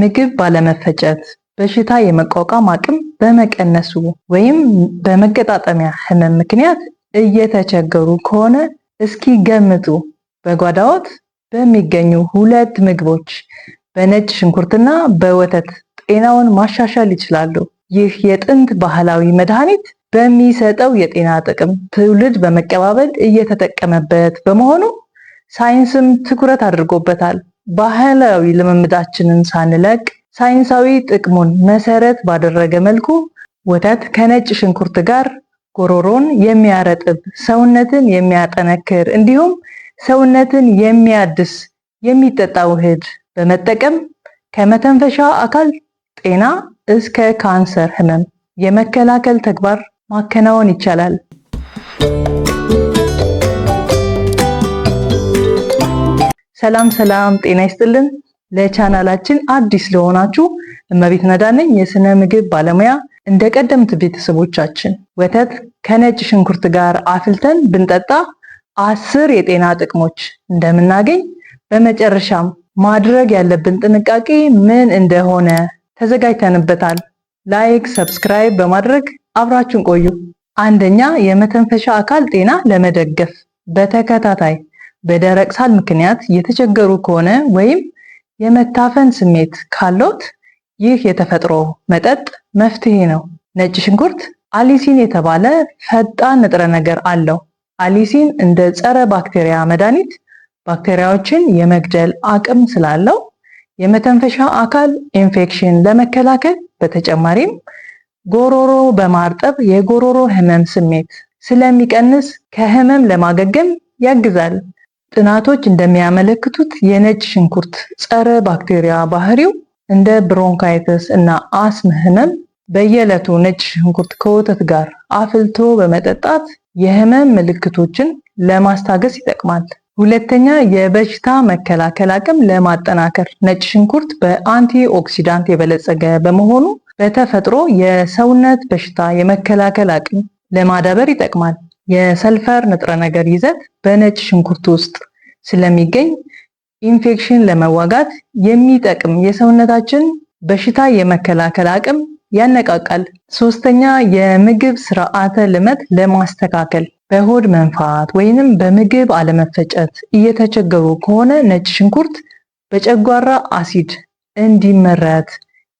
ምግብ ባለመፈጨት በሽታ የመቋቋም አቅም በመቀነሱ ወይም በመገጣጠሚያ ህመም ምክንያት እየተቸገሩ ከሆነ እስኪ ገምቱ። በጓዳዎት በሚገኙ ሁለት ምግቦች በነጭ ሽንኩርትና በወተት ጤናውን ማሻሻል ይችላሉ። ይህ የጥንት ባህላዊ መድኃኒት በሚሰጠው የጤና ጥቅም ትውልድ በመቀባበል እየተጠቀመበት በመሆኑ ሳይንስም ትኩረት አድርጎበታል። ባህላዊ ልምምዳችንን ሳንለቅ ሳይንሳዊ ጥቅሙን መሰረት ባደረገ መልኩ ወተት ከነጭ ሽንኩርት ጋር ጎሮሮን የሚያረጥብ፣ ሰውነትን የሚያጠነክር እንዲሁም ሰውነትን የሚያድስ የሚጠጣ ውህድ በመጠቀም ከመተንፈሻ አካል ጤና እስከ ካንሰር ህመም የመከላከል ተግባር ማከናወን ይቻላል። ሰላም ሰላም፣ ጤና ይስጥልን። ለቻናላችን አዲስ ለሆናችሁ እመቤት ነዳነኝ የስነ ምግብ ባለሙያ። እንደ ቀደምት ቤተሰቦቻችን ወተት ከነጭ ሽንኩርት ጋር አፍልተን ብንጠጣ አስር የጤና ጥቅሞች እንደምናገኝ በመጨረሻም ማድረግ ያለብን ጥንቃቄ ምን እንደሆነ ተዘጋጅተንበታል። ላይክ፣ ሰብስክራይብ በማድረግ አብራችሁን ቆዩ። አንደኛ የመተንፈሻ አካል ጤና ለመደገፍ በተከታታይ በደረቅ ሳል ምክንያት እየተቸገሩ ከሆነ ወይም የመታፈን ስሜት ካሎት ይህ የተፈጥሮ መጠጥ መፍትሄ ነው። ነጭ ሽንኩርት አሊሲን የተባለ ፈጣን ንጥረ ነገር አለው። አሊሲን እንደ ጸረ ባክቴሪያ መድኃኒት ባክቴሪያዎችን የመግደል አቅም ስላለው የመተንፈሻ አካል ኢንፌክሽን ለመከላከል በተጨማሪም ጎሮሮ በማርጠብ የጎሮሮ ህመም ስሜት ስለሚቀንስ ከህመም ለማገገም ያግዛል። ጥናቶች እንደሚያመለክቱት የነጭ ሽንኩርት ጸረ ባክቴሪያ ባህሪው እንደ ብሮንካይተስ እና አስም ህመም በየዕለቱ ነጭ ሽንኩርት ከወተት ጋር አፍልቶ በመጠጣት የህመም ምልክቶችን ለማስታገስ ይጠቅማል። ሁለተኛ፣ የበሽታ መከላከል አቅም ለማጠናከር ነጭ ሽንኩርት በአንቲ ኦክሲዳንት የበለጸገ በመሆኑ በተፈጥሮ የሰውነት በሽታ የመከላከል አቅም ለማዳበር ይጠቅማል። የሰልፈር ንጥረ ነገር ይዘት በነጭ ሽንኩርት ውስጥ ስለሚገኝ ኢንፌክሽን ለመዋጋት የሚጠቅም የሰውነታችን በሽታ የመከላከል አቅም ያነቃቃል። ሶስተኛ የምግብ ስርዓተ ልመት ለማስተካከል በሆድ መንፋት ወይንም በምግብ አለመፈጨት እየተቸገሩ ከሆነ ነጭ ሽንኩርት በጨጓራ አሲድ እንዲመረት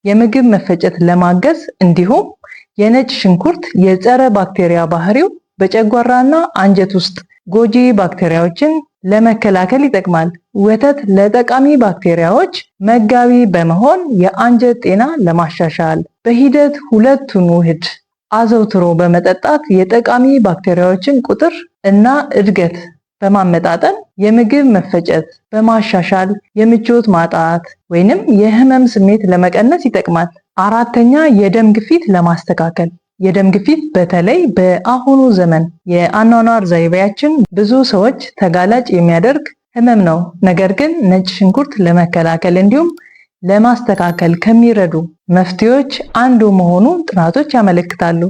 የምግብ መፈጨት ለማገዝ እንዲሁም የነጭ ሽንኩርት የጸረ ባክቴሪያ ባህሪው በጨጓራና አንጀት ውስጥ ጎጂ ባክቴሪያዎችን ለመከላከል ይጠቅማል። ወተት ለጠቃሚ ባክቴሪያዎች መጋቢ በመሆን የአንጀት ጤና ለማሻሻል በሂደት ሁለቱን ውህድ አዘውትሮ በመጠጣት የጠቃሚ ባክቴሪያዎችን ቁጥር እና እድገት በማመጣጠን የምግብ መፈጨት በማሻሻል የምቾት ማጣት ወይንም የህመም ስሜት ለመቀነስ ይጠቅማል። አራተኛ የደም ግፊት ለማስተካከል የደም ግፊት በተለይ በአሁኑ ዘመን የአኗኗር ዘይቤያችን ብዙ ሰዎች ተጋላጭ የሚያደርግ ህመም ነው። ነገር ግን ነጭ ሽንኩርት ለመከላከል እንዲሁም ለማስተካከል ከሚረዱ መፍትሄዎች አንዱ መሆኑ ጥናቶች ያመለክታሉ።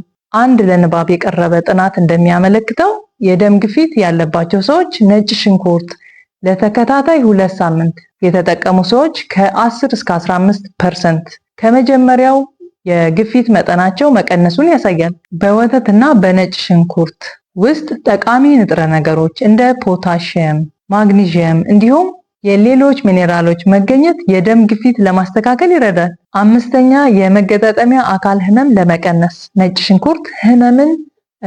አንድ ለንባብ የቀረበ ጥናት እንደሚያመለክተው የደም ግፊት ያለባቸው ሰዎች ነጭ ሽንኩርት ለተከታታይ ሁለት ሳምንት የተጠቀሙ ሰዎች ከ10 እስከ 15 ፐርሰንት ከመጀመሪያው የግፊት መጠናቸው መቀነሱን ያሳያል። በወተት እና በነጭ ሽንኩርት ውስጥ ጠቃሚ ንጥረ ነገሮች እንደ ፖታሽየም፣ ማግኒዥየም እንዲሁም የሌሎች ሚኔራሎች መገኘት የደም ግፊት ለማስተካከል ይረዳል። አምስተኛ የመገጣጠሚያ አካል ህመም ለመቀነስ ነጭ ሽንኩርት ህመምን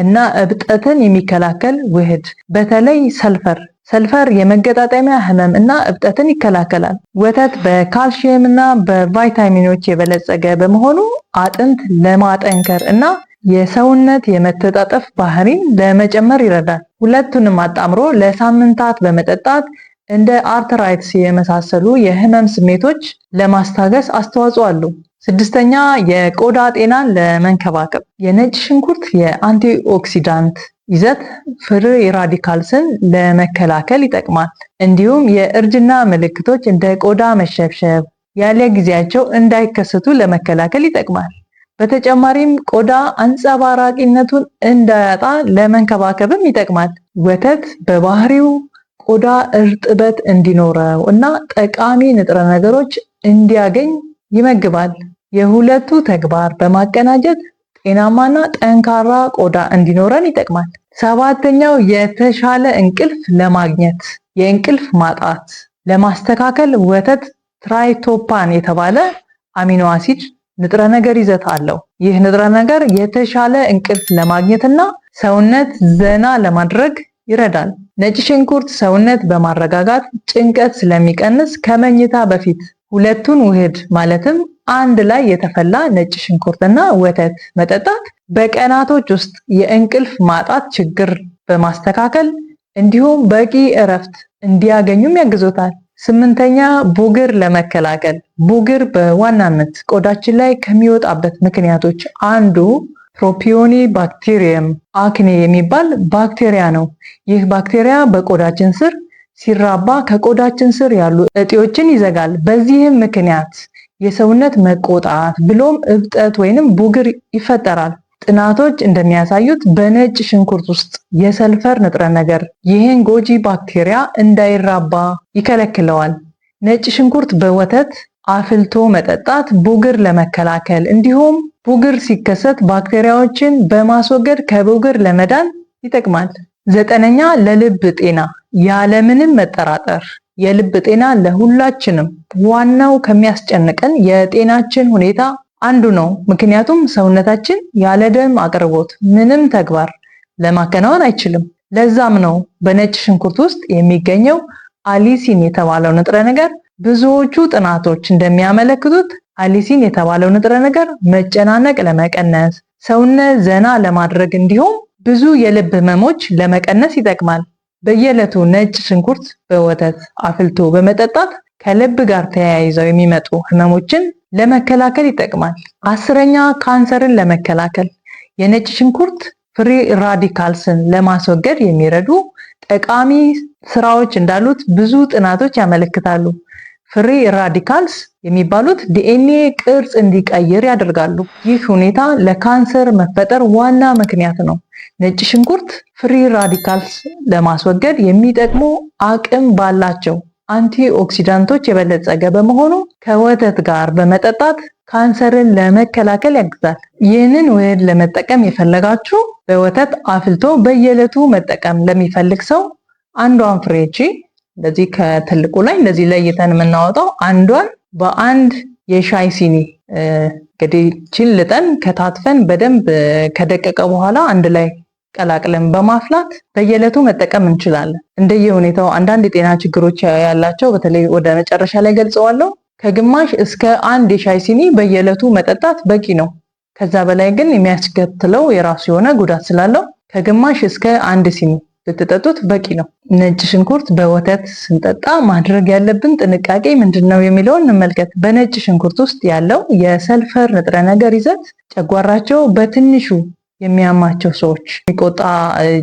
እና እብጠትን የሚከላከል ውህድ በተለይ ሰልፈር ሰልፈር የመገጣጠሚያ ህመም እና እብጠትን ይከላከላል። ወተት በካልሽየም እና በቫይታሚኖች የበለጸገ በመሆኑ አጥንት ለማጠንከር እና የሰውነት የመተጣጠፍ ባህሪን ለመጨመር ይረዳል። ሁለቱንም አጣምሮ ለሳምንታት በመጠጣት እንደ አርተራይትስ የመሳሰሉ የህመም ስሜቶች ለማስታገስ አስተዋጽኦ አሉ። ስድስተኛ የቆዳ ጤናን ለመንከባከብ የነጭ ሽንኩርት የአንቲኦክሲዳንት ይዘት ፍሪ ራዲካልስን ለመከላከል ይጠቅማል። እንዲሁም የእርጅና ምልክቶች እንደ ቆዳ መሸብሸብ፣ ያለ ጊዜያቸው እንዳይከሰቱ ለመከላከል ይጠቅማል። በተጨማሪም ቆዳ አንጸባራቂነቱን እንዳያጣ ለመንከባከብም ይጠቅማል። ወተት በባህሪው ቆዳ እርጥበት እንዲኖረው እና ጠቃሚ ንጥረ ነገሮች እንዲያገኝ ይመግባል። የሁለቱ ተግባር በማቀናጀት ጤናማና ጠንካራ ቆዳ እንዲኖረን ይጠቅማል። ሰባተኛው የተሻለ እንቅልፍ ለማግኘት የእንቅልፍ ማጣት ለማስተካከል ወተት ትራይቶፓን የተባለ አሚኖ አሲድ ንጥረ ነገር ይዘት አለው። ይህ ንጥረ ነገር የተሻለ እንቅልፍ ለማግኘትና ሰውነት ዘና ለማድረግ ይረዳል። ነጭ ሽንኩርት ሰውነት በማረጋጋት ጭንቀት ስለሚቀንስ ከመኝታ በፊት ሁለቱን ውህድ ማለትም አንድ ላይ የተፈላ ነጭ ሽንኩርትና ወተት መጠጣት በቀናቶች ውስጥ የእንቅልፍ ማጣት ችግር በማስተካከል እንዲሁም በቂ እረፍት እንዲያገኙም ያግዞታል። ስምንተኛ ቡግር ለመከላከል ቡግር በዋናነት ቆዳችን ላይ ከሚወጣበት ምክንያቶች አንዱ ፕሮፒዮኒ ባክቴሪየም አክኔ የሚባል ባክቴሪያ ነው። ይህ ባክቴሪያ በቆዳችን ስር ሲራባ ከቆዳችን ስር ያሉ እጢዎችን ይዘጋል። በዚህም ምክንያት የሰውነት መቆጣት ብሎም እብጠት ወይንም ቡግር ይፈጠራል። ጥናቶች እንደሚያሳዩት በነጭ ሽንኩርት ውስጥ የሰልፈር ንጥረ ነገር ይህን ጎጂ ባክቴሪያ እንዳይራባ ይከለክለዋል። ነጭ ሽንኩርት በወተት አፍልቶ መጠጣት ቡግር ለመከላከል እንዲሁም ቡግር ሲከሰት ባክቴሪያዎችን በማስወገድ ከቡግር ለመዳን ይጠቅማል። ዘጠነኛ ለልብ ጤና ያለምንም መጠራጠር የልብ ጤና ለሁላችንም ዋናው ከሚያስጨንቀን የጤናችን ሁኔታ አንዱ ነው። ምክንያቱም ሰውነታችን ያለ ደም አቅርቦት ምንም ተግባር ለማከናወን አይችልም። ለዛም ነው በነጭ ሽንኩርት ውስጥ የሚገኘው አሊሲን የተባለው ንጥረ ነገር ብዙዎቹ ጥናቶች እንደሚያመለክቱት አሊሲን የተባለው ንጥረ ነገር መጨናነቅ ለመቀነስ፣ ሰውነት ዘና ለማድረግ እንዲሁም ብዙ የልብ ህመሞች ለመቀነስ ይጠቅማል። በየዕለቱ ነጭ ሽንኩርት በወተት አፍልቶ በመጠጣት ከልብ ጋር ተያይዘው የሚመጡ ህመሞችን ለመከላከል ይጠቅማል። አስረኛ ካንሰርን ለመከላከል የነጭ ሽንኩርት ፍሪ ራዲካልስን ለማስወገድ የሚረዱ ጠቃሚ ስራዎች እንዳሉት ብዙ ጥናቶች ያመለክታሉ። ፍሪ ራዲካልስ የሚባሉት ዲኤንኤ ቅርጽ እንዲቀይር ያደርጋሉ። ይህ ሁኔታ ለካንሰር መፈጠር ዋና ምክንያት ነው። ነጭ ሽንኩርት ፍሪ ራዲካልስ ለማስወገድ የሚጠቅሙ አቅም ባላቸው አንቲ ኦክሲዳንቶች የበለጸገ በመሆኑ ከወተት ጋር በመጠጣት ካንሰርን ለመከላከል ያግዛል። ይህንን ውህድ ለመጠቀም የፈለጋችሁ በወተት አፍልቶ በየዕለቱ መጠቀም ለሚፈልግ ሰው አንዷን ፍሬ ይቺ እንደዚህ ከትልቁ ላይ እንደዚህ ለይተን የምናወጣው አንዷን በአንድ የሻይ ሲኒ እንግዲህ ችን ልጠን ከታትፈን በደንብ ከደቀቀ በኋላ አንድ ላይ ቀላቅለን በማፍላት በየዕለቱ መጠቀም እንችላለን። እንደየሁኔታው አንዳንድ የጤና ችግሮች ያላቸው በተለይ ወደ መጨረሻ ላይ ገልጸዋለሁ። ከግማሽ እስከ አንድ የሻይ ሲኒ በየዕለቱ መጠጣት በቂ ነው። ከዛ በላይ ግን የሚያስከትለው የራሱ የሆነ ጉዳት ስላለው ከግማሽ እስከ አንድ ሲኒ ብትጠጡት በቂ ነው። ነጭ ሽንኩርት በወተት ስንጠጣ ማድረግ ያለብን ጥንቃቄ ምንድን ነው የሚለውን እንመልከት። በነጭ ሽንኩርት ውስጥ ያለው የሰልፈር ንጥረ ነገር ይዘት ጨጓራቸው በትንሹ የሚያማቸው ሰዎች፣ የሚቆጣ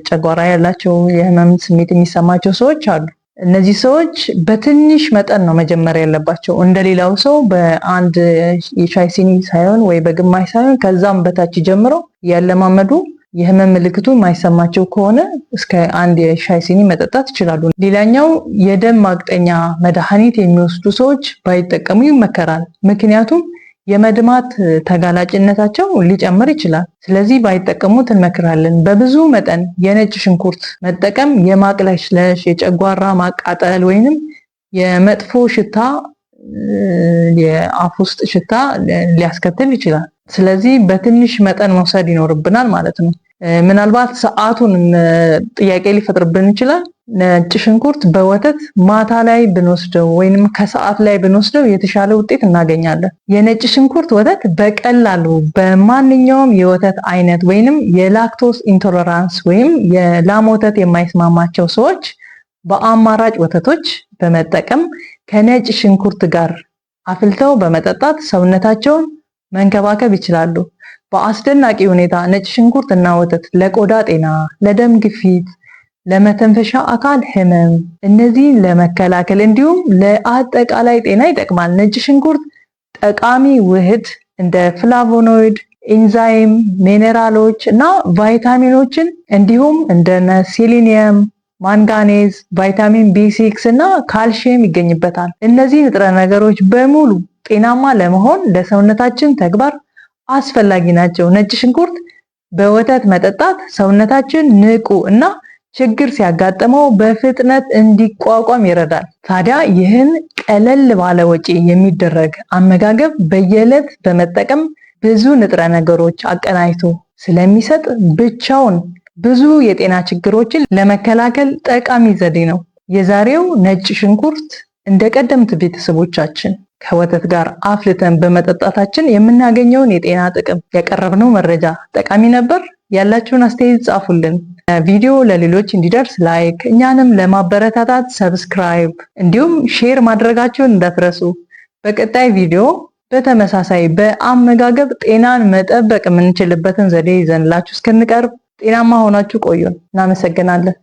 ጨጓራ ያላቸው የህመም ስሜት የሚሰማቸው ሰዎች አሉ። እነዚህ ሰዎች በትንሽ መጠን ነው መጀመሪያ ያለባቸው። እንደሌላው ሰው በአንድ የሻይ ሲኒ ሳይሆን ወይ በግማሽ ሳይሆን ከዛም በታች ጀምረው ያለማመዱ የህመም ምልክቱ የማይሰማቸው ከሆነ እስከ አንድ የሻይ ሲኒ መጠጣት ይችላሉ። ሌላኛው የደም ማቅጠኛ መድኃኒት የሚወስዱ ሰዎች ባይጠቀሙ ይመከራል። ምክንያቱም የመድማት ተጋላጭነታቸው ሊጨምር ይችላል። ስለዚህ ባይጠቀሙት እንመክራለን። በብዙ መጠን የነጭ ሽንኩርት መጠቀም የማቅለሽለሽ፣ የጨጓራ ማቃጠል ወይንም የመጥፎ ሽታ የአፍ ውስጥ ሽታ ሊያስከትል ይችላል። ስለዚህ በትንሽ መጠን መውሰድ ይኖርብናል ማለት ነው። ምናልባት ሰዓቱን ጥያቄ ሊፈጥርብን ይችላል። ነጭ ሽንኩርት በወተት ማታ ላይ ብንወስደው ወይንም ከሰዓት ላይ ብንወስደው የተሻለ ውጤት እናገኛለን። የነጭ ሽንኩርት ወተት በቀላሉ በማንኛውም የወተት አይነት ወይንም የላክቶስ ኢንቶለራንስ ወይም የላም ወተት የማይስማማቸው ሰዎች በአማራጭ ወተቶች በመጠቀም ከነጭ ሽንኩርት ጋር አፍልተው በመጠጣት ሰውነታቸውን መንከባከብ ይችላሉ። በአስደናቂ ሁኔታ ነጭ ሽንኩርት እና ወተት ለቆዳ ጤና፣ ለደም ግፊት ለመተንፈሻ አካል ህመም፣ እነዚህን ለመከላከል እንዲሁም ለአጠቃላይ ጤና ይጠቅማል። ነጭ ሽንኩርት ጠቃሚ ውህድ እንደ ፍላቮኖይድ፣ ኢንዛይም፣ ሚኔራሎች እና ቫይታሚኖችን እንዲሁም እንደነ ሴሊኒየም ማንጋኔዝ፣ ቫይታሚን ቢ እና ካልሽየም ይገኝበታል። እነዚህ ንጥረ ነገሮች በሙሉ ጤናማ ለመሆን ለሰውነታችን ተግባር አስፈላጊ ናቸው። ነጭ ሽንኩርት በወተት መጠጣት ሰውነታችን ንቁ እና ችግር ሲያጋጥመው በፍጥነት እንዲቋቋም ይረዳል። ታዲያ ይህን ቀለል ባለ ወጪ የሚደረግ አመጋገብ በየዕለት በመጠቀም ብዙ ንጥረ ነገሮች አቀናጅቶ ስለሚሰጥ ብቻውን ብዙ የጤና ችግሮችን ለመከላከል ጠቃሚ ዘዴ ነው። የዛሬው ነጭ ሽንኩርት እንደ ቀደምት ቤተሰቦቻችን ከወተት ጋር አፍልተን በመጠጣታችን የምናገኘውን የጤና ጥቅም ያቀረብነው መረጃ ጠቃሚ ነበር። ያላችሁን አስተያየት ጻፉልን። ቪዲዮ ለሌሎች እንዲደርስ ላይክ፣ እኛንም ለማበረታታት ሰብስክራይብ፣ እንዲሁም ሼር ማድረጋችሁን እንዳትረሱ። በቀጣይ ቪዲዮ በተመሳሳይ በአመጋገብ ጤናን መጠበቅ የምንችልበትን ዘዴ ይዘንላችሁ እስክንቀርብ ጤናማ ሆናችሁ ቆዩን። እናመሰግናለን።